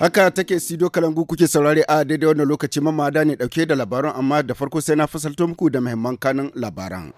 Haka take Sido Kalangu kuke saurare a daidai wannan lokaci mamada ne dauke da labaran amma da farko sai na fasalto muku da muhimman kanin labaran.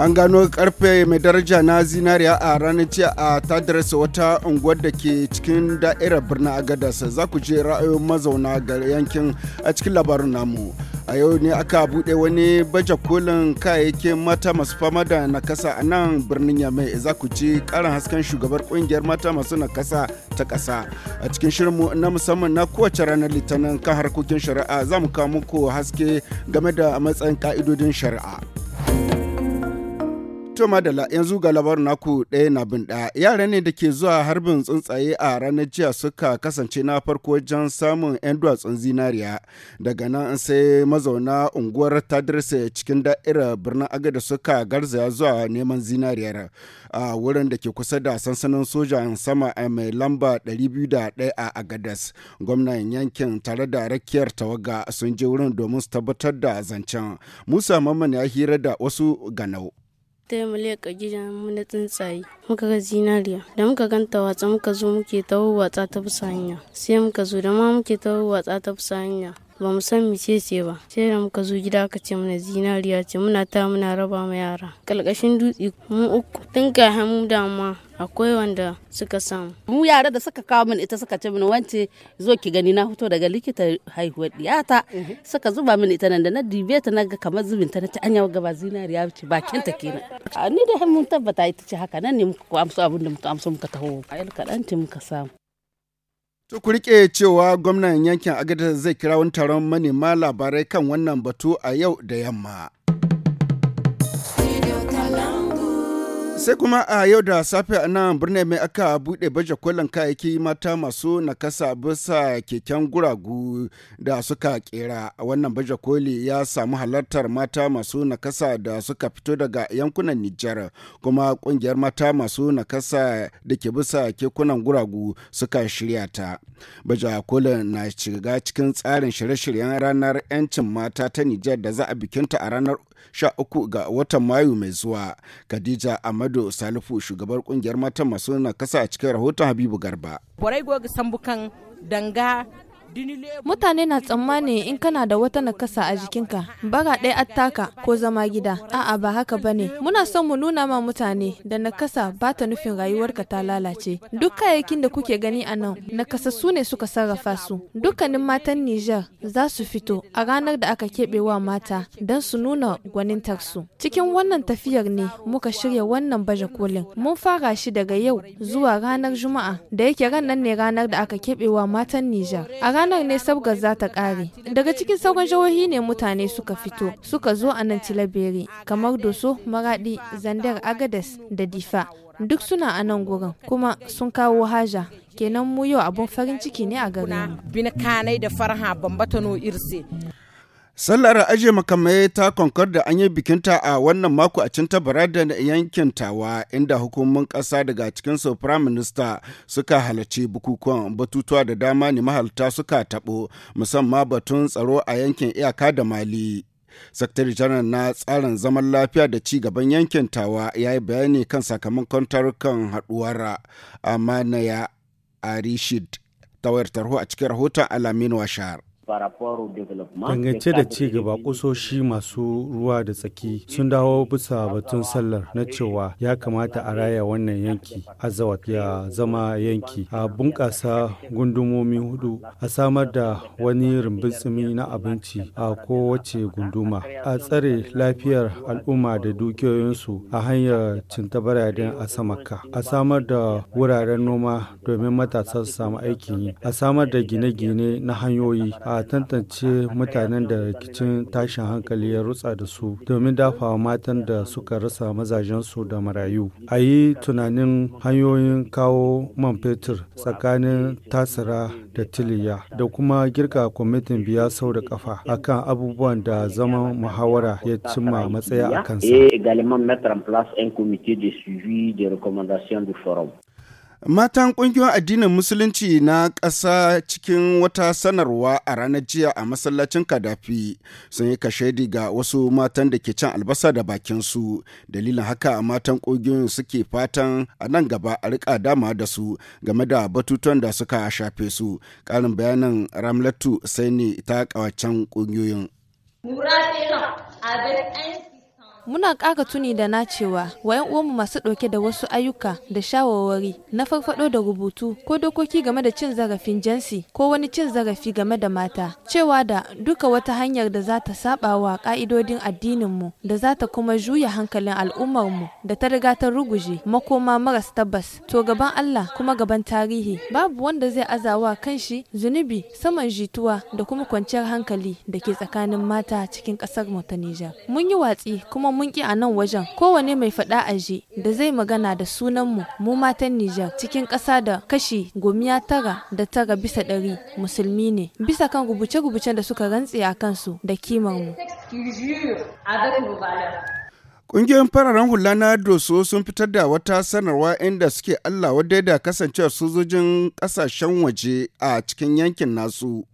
an gano karfe mai daraja na zinariya a ranar ce a tadras wata unguwar da ke cikin da'irar birnin agadas za ku je ra'ayoyin mazauna ga yankin a cikin labarin namu a yau ne aka buɗe wani baje kolin kayayyakin mata masu fama da nakasa a nan birnin yamai za ku ci karin hasken shugabar kungiyar mata masu nakasa ta kasa. a cikin shirinmu na musamman na kowace ranar litinin kan harkokin shari'a za mu kawo muku haske game da matsayin ka'idodin shari'a. To madala yanzu ga labarin naku ɗaya na bin ɗaya. Yara ne da ke zuwa harbin tsuntsaye a ranar jiya suka kasance na farko wajen samun 'yan duwatsun zinariya. Daga nan sai mazauna unguwar tadirsa cikin da'ira birnin Agada suka garzaya zuwa neman zinariyar. A wurin da ke kusa da sansanin sojan sama a mai lamba 201 a Agadas. Gwamnan yankin tare da rakiyar tawaga sun je wurin domin su tabbatar da zancen. Musa Mamman ya hira da wasu ganau. ta mu leƙa gidan mu na tsuntsaye muka ga zinariya da muka ganta watsa muka zo muke ta watsa ta bisa hanya sai muka zo da ma muke ta watsa ta bisa hanya ba mu san mice ce ba sai da muka zo gida aka ce mana zinariya ce muna ta muna raba ma yara kalkashin dutse mu uku tun ka hamu dama akwai wanda suka samu mu yare da suka kawo min ita suka ce min wance zo ki gani na fito daga likita haihuwar diyata mhm. suka zuba min ita nan da na dibe ta na ga kamar zubin ta na ta anya gaba zinariya ce bakin ta kenan ni da mun tabbata ita ce haka nan ne muka amsa abin da muka amsa muka taho ayyuka kaɗan ce muka samu To ku rike cewa gwamnan yankin agadar zai kira wani taron manema labarai kan wannan batu a yau da yamma. Sai kuma a yau da safe a nan birnin mai aka buɗe baje kolin kayayyaki mata masu nakasa bisa keken guragu da suka kera. Wannan baje koli ya samu halartar mata masu nakasa da suka fito daga yankunan Nijar kuma kungiyar mata masu nakasa da ke bisa kekunan guragu suka shirya ta. Baje kolin na shiga cikin tsarin shirye-shiryen ranar 'yancin mata ta Nijar da za a bikinta a ranar 13 ga watan Mayu mai zuwa. Khadija Amadu Salifu shugabar kungiyar matan masu kasa a cikin rahoton Habibu Garba. Kwarai sambukan danga Mutane na tsammani in kana da wata nakasa a jikinka, bara ɗaya attaka ko zama gida. A'a ba haka ba ne. Muna son mu nuna ma mutane da nakasa ba ta nufin rayuwarka ta lalace. Duk kayayyakin da kuke gani a nan, su ne suka sarrafa su. Dukkanin matan Nijar za su fito a ranar da aka keɓe wa mata don su nuna gwanintar su. Cikin wannan tafiyar ne muka shirya wannan baje kolin. Mun fara shi daga yau zuwa ranar Juma'a da yake ran nan ne ranar da aka keɓe wa matan Nijar. A ranar ranar ne sabgar za ta ƙare. Daga cikin sauran jihohi ne mutane suka fito, suka zo a nan Tilaberi, kamar Doso, maradi Zandar, agadas da Difa. Duk suna a nan gurin, kuma sun kawo haja. Kenan mu yau abun farin ciki ne a garin. mu. da farha bambata irse. Sallar aje makamai ta konkar da an yi bikinta a wannan mako a cinta barada da yankin tawa inda hukumomin ƙasa daga cikin su prime minister suka halarci bukukuwan batutuwa da dama ne mahalta suka taɓo musamman batun tsaro a yankin iyaka da mali. sakatari janar na tsarin zaman lafiya da ci gaban yankin tawa ya yi bayani kan sakamakon tarukan haɗuwar amanaya a tawayar tarho a cikin rahoton alamin washar. Dangance da ci gaba kusoshi masu ruwa da tsaki sun dawo bisa batun sallar na cewa ya kamata a raya wannan yanki azawat ya zama yanki a bunƙasa gundumomi hudu a samar da wani rumbun tsimi na abinci a kowace gunduma a tsare lafiyar al'umma da dukiyoyinsu a hanyar cinta baradin a samaka a samar da wuraren noma domin matasa su samu aikin yi a samar da gine-gine na hanyoyi a a tantance mutanen da rikicin tashin hankali ya rutsa da su domin dafawa matan da suka rasa mazajensu da marayu. A yi tunanin hanyoyin kawo man fetur tsakanin tasira da tiliya da kuma girka kwamitin biya sau da kafa akan abubuwan da zaman muhawara ya cimma matsaya a kansa. Matan ƙungiyar addinin Musulunci na ƙasa cikin wata sanarwa a ranar jiya a masallacin Kadafi sun yi kashedi ga wasu matan da ke can albasa da bakinsu. Dalilin haka matan ƙungiyoyin suke fatan a nan gaba a riƙa dama da su game da batutuwan da suka shafe su. Ƙarin bayanin Ramlatu sai ne ta ƙawacen ƙungiyoyin. Muna ƙara tuni da na cewa wa 'yan uwanmu masu ɗauke da wasu ayyuka da shawarwari na farfaɗo da rubutu ko dokoki game da cin zarafin jinsi ko wani cin zarafi game da mata cewa da duka wata hanyar da za ta saba wa ƙa'idodin addininmu da za ta kuma juya hankalin al'ummar mu da ta riga ta ruguje makoma maras tabbas to gaban Allah kuma gaban tarihi babu wanda zai azawa kanshi zunubi saman jituwa da kuma kwanciyar hankali da ke tsakanin mata cikin ƙasar mu ta Nijar. Mun yi watsi kuma mun ki a nan wajen kowane mai faɗa aji da zai magana da sunan mu mu matan Nijar cikin ƙasa da kashi gomiya tara da tara bisa ɗari musulmi ne bisa kan rubuce rubuce da suka rantse a kansu da kimar mu. Ƙungiyoyin fararen hula na Doso sun fitar da wata sanarwa inda suke Allah wadda da kasancewar sojojin kasashen waje a cikin yankin nasu.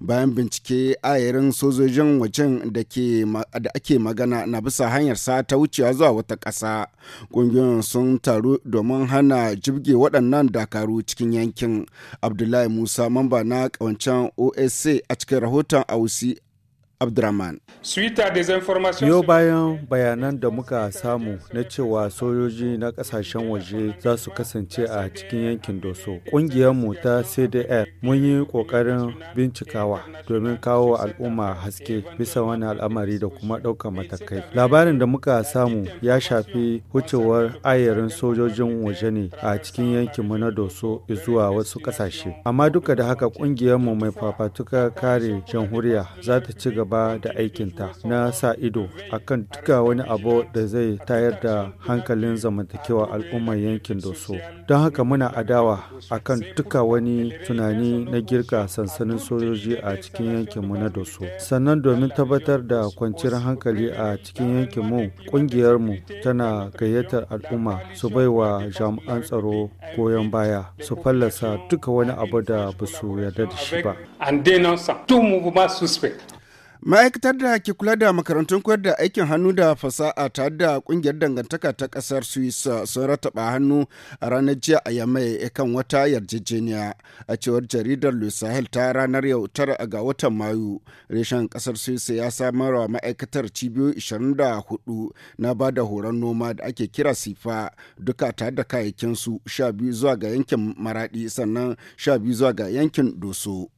bayan bincike ayarin sojojin wajen da ake magana na bisa hanyar sa ta wucewa zuwa wata ƙasa ƙungiyoyin sun taru domin hana jibge waɗannan dakaru cikin yankin abdullahi musa mamba na ƙawancen osc a cikin rahoton ausi Abdurrahman. Yau bayan bayanan da muka samu na cewa sojoji na kasashen waje za su kasance a cikin yankin Doso, ƙungiyarmu ta CDR mun yi ƙoƙarin bincikawa domin kawo al'umma haske bisa wani al'amari da kuma ɗaukar matakai. Labarin da muka samu ya shafi wucewar ayarin sojojin waje ne a cikin yankin mu na Doso zuwa wasu kasashe Amma duka da haka mu mai fafatuka kare jamhuriya za ta ci gaba gaba da aikinta na sa ido a kan duka wani abu da zai tayar da hankalin zamantakewa al'ummar yankin doso don haka muna adawa a kan duka wani tunani na girka sansanin sojoji a cikin yankinmu na doso sannan domin tabbatar da kwanciyar hankali a cikin yankinmu mu tana gayyatar al'umma su baiwa jami'an tsaro goyon baya su fallasa duka wani abu da ba su yarda da shi ba. ma'aikatar da ke kula da makarantun koyar da aikin hannu da fasaha ta da kungiyar dangantaka ta kasar swiss sun rataba hannu a ranar jiya a yamai kan wata yarjejeniya a cewar jaridar sahel ta ranar yau tara ga watan mayu reshen kasar swiss ya samar wa ma'aikatar cibiyo 24 na ba da horon noma da ake kira sifa duka ta da kayayyakin su 12 zuwa ga yankin maradi sannan 12 zuwa ga yankin doso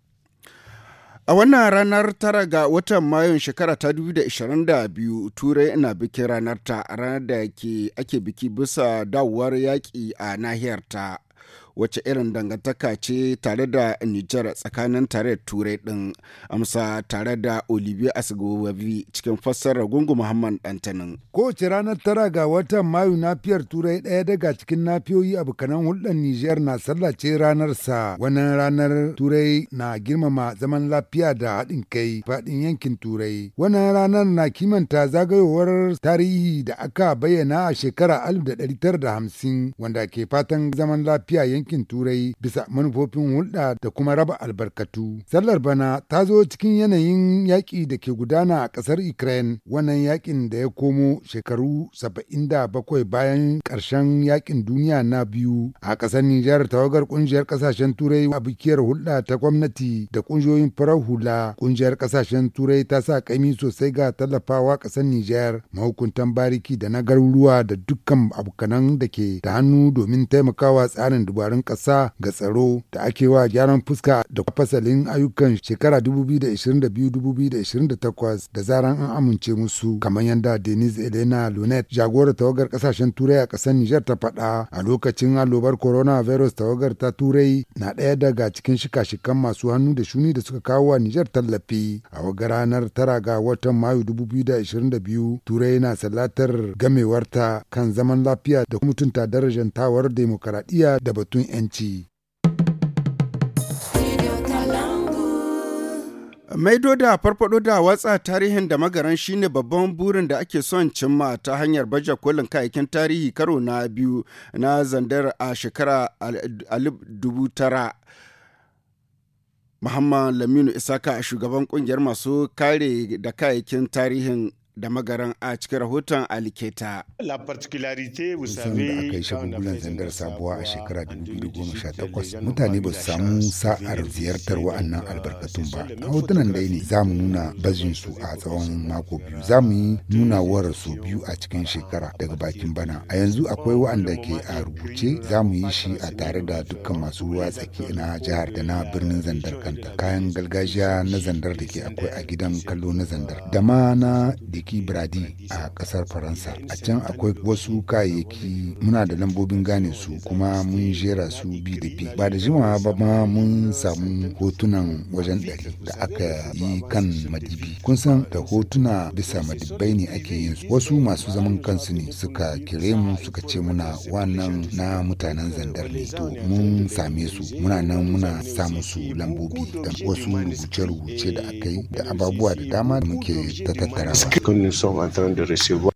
A wannan ranar tara ga watan Mayun shekara ta 2022 Turai na bikin ranar ta ranar da ke ake biki bisa dawowar yaƙi a nahiyar ta. Wace irin dangantaka ce tare da Nijar tsakanin tare Turai din amsa tare da Olivier Asigobavi cikin fassara Gungu Muhammad Dantanin. Kowace ranar tara ga watan Mayu nafiyar Turai ɗaya daga cikin nafiyoyi bukanan hulɗar Nijar na sallace ranar sa wannan ranar Turai na girmama zaman lafiya da haɗin kai faɗin yankin Turai. Wannan ranar na kimanta zagayowar tarihi da aka bayyana a shekara da da tara 1950 wanda ke fatan zaman lafiya yankin yankin Turai bisa manufofin hulɗa da kuma raba albarkatu. Sallar bana ta zo cikin yanayin yaƙi da ke gudana a ƙasar Ukraine wannan yaƙin da ya komo shekaru da bakwai bayan ƙarshen yaƙin duniya na biyu a ƙasar Nijar tawagar ƙungiyar ƙasashen Turai a bikiyar hulɗa ta gwamnati da ƙungiyoyin farar hula ƙungiyar ƙasashen Turai ta sa ƙaimi sosai ga tallafawa ƙasar Nijar mahukuntan bariki da na garuruwa da dukkan abokanan da ke da hannu domin taimakawa tsarin dubarun kuɗaɗen ƙasa ga tsaro da ake wa gyaran fuska da fasalin ayyukan shekara 2022-2028 da zaran an amince musu kamar yadda Denis Elena Lunet jagorar tawagar ƙasashen Turai a ƙasar niger ta faɗa a lokacin allobar coronavirus tawagar ta Turai na ɗaya daga cikin shikashikan masu hannu da shuni da suka kawo wa Nijar tallafi a waga ranar tara ga watan Mayu 2022 Turai na salatar gamewarta kan zaman lafiya da mutunta darajantawar demokaradiyya da batun cikin 'yanci. maido da farfado da watsa tarihin da magaran shine babban burin da ake son cimma ta hanyar baje kolin kayakin tarihi karo na biyu na zandar a shekara alif dubu tara muhammad laminu isaka shugaban kungiyar masu kare da kayakin tarihin da magaran a cikin rahoton aliketa. Sun da aka yi shagulgulan zandar sabuwa a shekara 2018 mutane ba su samu sa'ar ziyartar wa'annan albarkatun ba. A hotunan dai ne za mu nuna bazinsu a tsawon mako biyu. Za mu yi nuna wara su biyu a cikin shekara daga bakin bana. A yanzu akwai wa'anda ke a rubuce za mu yi shi a tare da dukkan masu ruwa tsaki na jihar da na birnin zandar kanta. Kayan gargajiya na zandar da ke akwai a gidan kallo na zandar da ma na kayayyaki biradi a kasar faransa a can akwai wasu kayayyaki muna da lambobin gane su kuma mun jera su bi da bi ba da jimawa ba ma mun samu hotunan wajen ɗari da aka yi kan madibi kun san da hotuna bisa madibai ne ake yin su wasu masu zaman kansu ne suka kire mu suka ce muna wannan na mutanen zandar ne to mun same su muna nan muna sa musu lambobi da wasu rubuce-rubuce da aka yi da ababuwa da dama da muke ta tattara ba nous sommes en train de recevoir.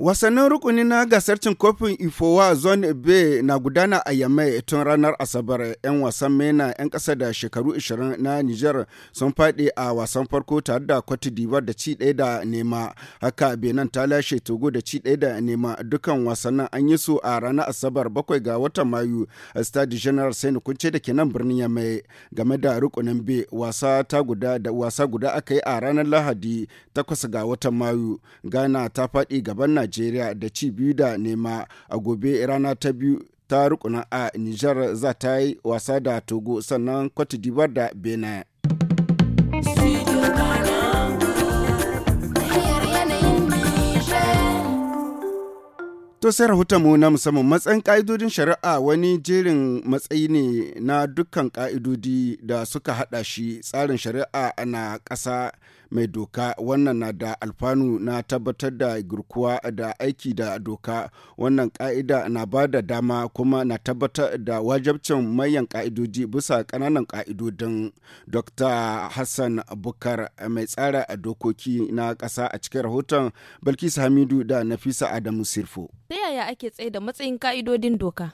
Wasannin rukuni na gasar cin kofin Ifowa Zone B na gudana a Yamai tun ranar Asabar 'yan wasan MENA 'yan ƙasa da shekaru 20 na Nijar sun faɗi a wasan farko tare da Cote d'Ivoire da ci ɗaya da nema. Haka Benin ta lashe Togo da ci ɗaya da nema dukan wasannin an yi su a ranar Asabar bakwai ga watan Mayu a Stade General Sani Kunce da ke nan birnin Yamai. Game da rukunin B wasa ta guda da wasa guda aka yi a ranar Lahadi 8 ga watan Mayu. Ghana ta faɗi gaban Najeriya da ci biyu da nema a gobe rana ta biyu ta rukuna A Nijar za ta yi wasa da Togo sannan Cote d'Ivoire da Benin. To sai rahotonmu na musamman matsayin ƙa'idodin shari'a wani jerin matsayi ne na dukkan ƙa'idodi da suka haɗa shi tsarin shari'a na ƙasa mai doka wannan na da alfanu na tabbatar da girkuwa da aiki da doka wannan ka'ida na ba da dama kuma na tabbatar da wajabcin mayan ka'idoji bisa kananan ka'idodin dr hassan bukar mai tsara dokoki na ƙasa a cikin rahoton balkisa hamidu da nafisa adamu sirfo ta yaya ake tsaye da matsayin ka'idodin doka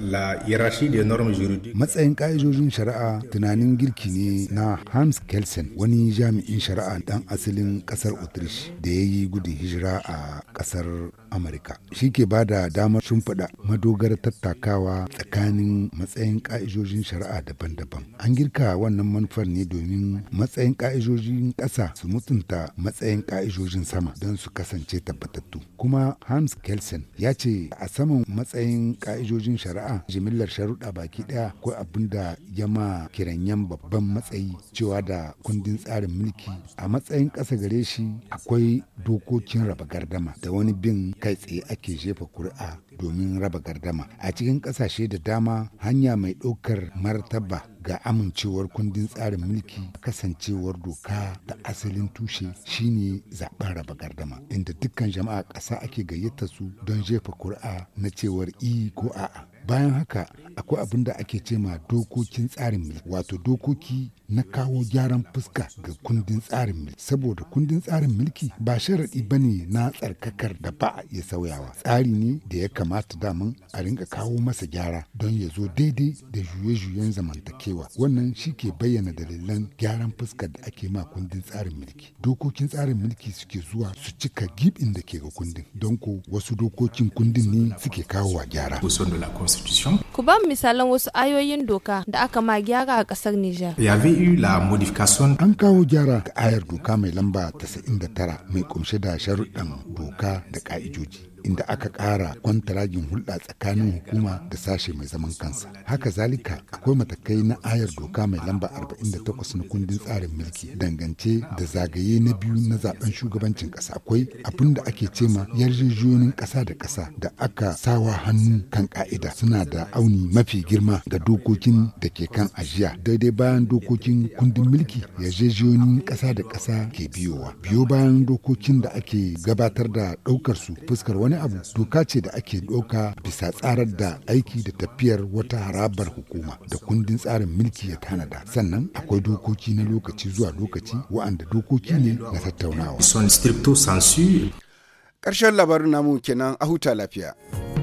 matsayin ka'idodin shari'a tunanin girki ne na hans kelsen wani jami'in shari'a dan asali asalin kasar Autriche da ya yi gudun hijira a kasar Amurka. Shi ke ba da damar shimfiɗa madogar tattakawa tsakanin matsayin ka'izojin shari'a daban-daban. An girka wannan manufar ne domin matsayin ka'izojin ƙasa su mutunta matsayin ka'izojin sama don su kasance tabbatattu. Kuma Hans Kelsen ya ce a saman matsayin ka'izojin shari'a jimillar sharuɗa baki ɗaya ko abin da yama kiranyen babban matsayi cewa da kundin tsarin mulki a matsayin ƙasa gare shi akwai dokokin raba gardama da wani bin kai tsaye ake jefa kuri'a domin raba gardama a cikin ƙasashe da dama hanya mai ɗaukar martaba ga amincewar kundin tsarin mulki kasancewar doka da asalin tushe shine zaben raba gardama inda dukkan jama'a ƙasa ake gayyata su don jefa kuri'a na cewar i ko a'a bayan haka akwai abin da ake cema dokokin tsarin mulki wato dokoki na kawo gyaran fuska ga kundin tsarin mulki saboda kundin tsarin mulki ba sharaɗi ba ne na tsarkakar da ba a iya sauyawa tsari ne da ya kamata daman a rinka kawo masa gyara don ya zo daidai da juye-juyen zamantakewa wannan shi ke bayyana dalilan gyaran fuska da ake ma kundin tsarin mulki dokokin tsarin mulki suke zuwa su cika gibin da ke ga kundin don ko wasu dokokin kundin ne suke kawo wa gyara constitution. Ku ba misalan wasu ayoyin doka da aka ma gyara a ƙasar Nijar. Ya yi la modification. An kawo gyara ga ayar doka mai lamba 99 mai kumshe da sharuɗan doka da ƙa'idoji. inda aka ƙara kwantarajin hulɗa tsakanin hukuma da sashe mai zaman kansa. Haka zalika akwai matakai na ayar doka mai lamba 48 na kundin tsarin mulki dangance da zagaye na biyu na zaben shugabancin ƙasa. Akwai abin da ake cema yarjejiyoyin ƙasa da ƙasa da aka sawa hannu kan ƙa'ida suna da auni mafi girma ga dokokin da ke kan ajiya daidai bayan dokokin kundin mulki yarjejiyoyin ƙasa da ƙasa ke biyowa. Biyo bayan dokokin da ake gabatar da ɗaukar su fuskar wani wani abu doka ce da ake ɗauka bisa tsarar da aiki da tafiyar wata harabar hukuma da kundin tsarin mulki ya tanada sannan akwai dokoki na lokaci zuwa lokaci wa'anda dokoki ne na tattaunawa. Ƙarshen labarin namu kenan a huta lafiya.